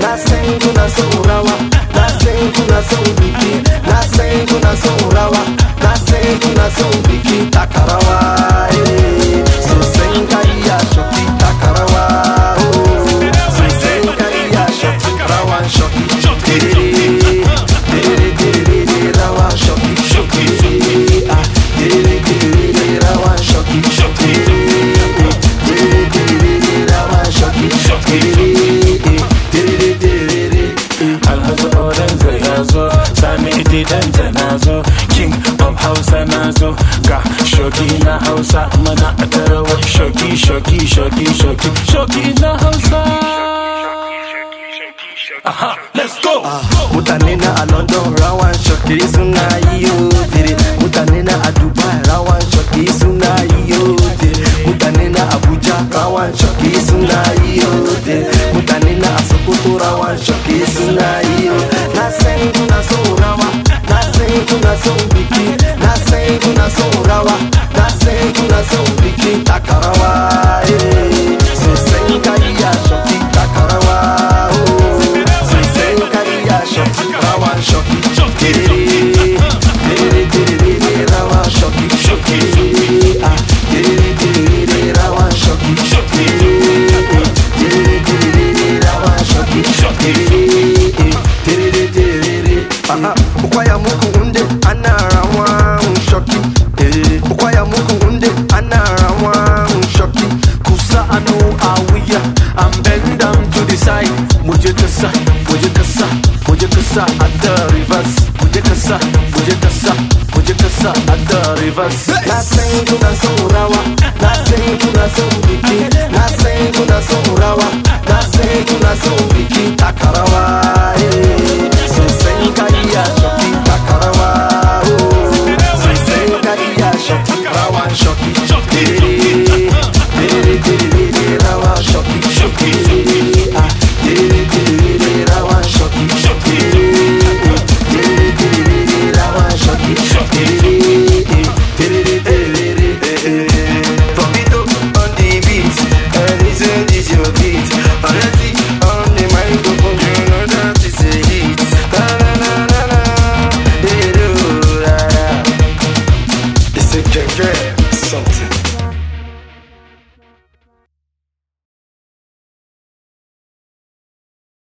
Nasengu naso urawa, nasengu naso ubiki, nasengu naso urawa, nasengu naso ubiki, takarawa. Eh. Lady Danta na zo King of Hausa na zo Ga shoki na Hausa Mana a tarawa shoki shoki shoki shoki Shoki na Hausa Aha, let's go! Mutane na a London rawan shoki suna yi yo tere Mutane na a Dubai rawan shoki suna yi yo tere Mutane Abuja rawan shoki suna yi yo tere Mutane na a Sokoto rawan shoki suna yi kuna son rawa na san kuna son bikin takarawa sosai ka iya shoki takarawa sosai ka iya shoki rawa shoki tiriri tiriri tiriri rawa shoki shoki ah tiriri tiriri rawa shoki shoki tiriri tiriri rawa shoki shoki tiriri eh, tiriri ah ah muku unde ana rawa Kuje kasa at the reverse Kuje kasa, kuje kasa, kuje kasa at the reverse Na san kuna son rawa Na san kuna son biki Na san kuna son rawa Na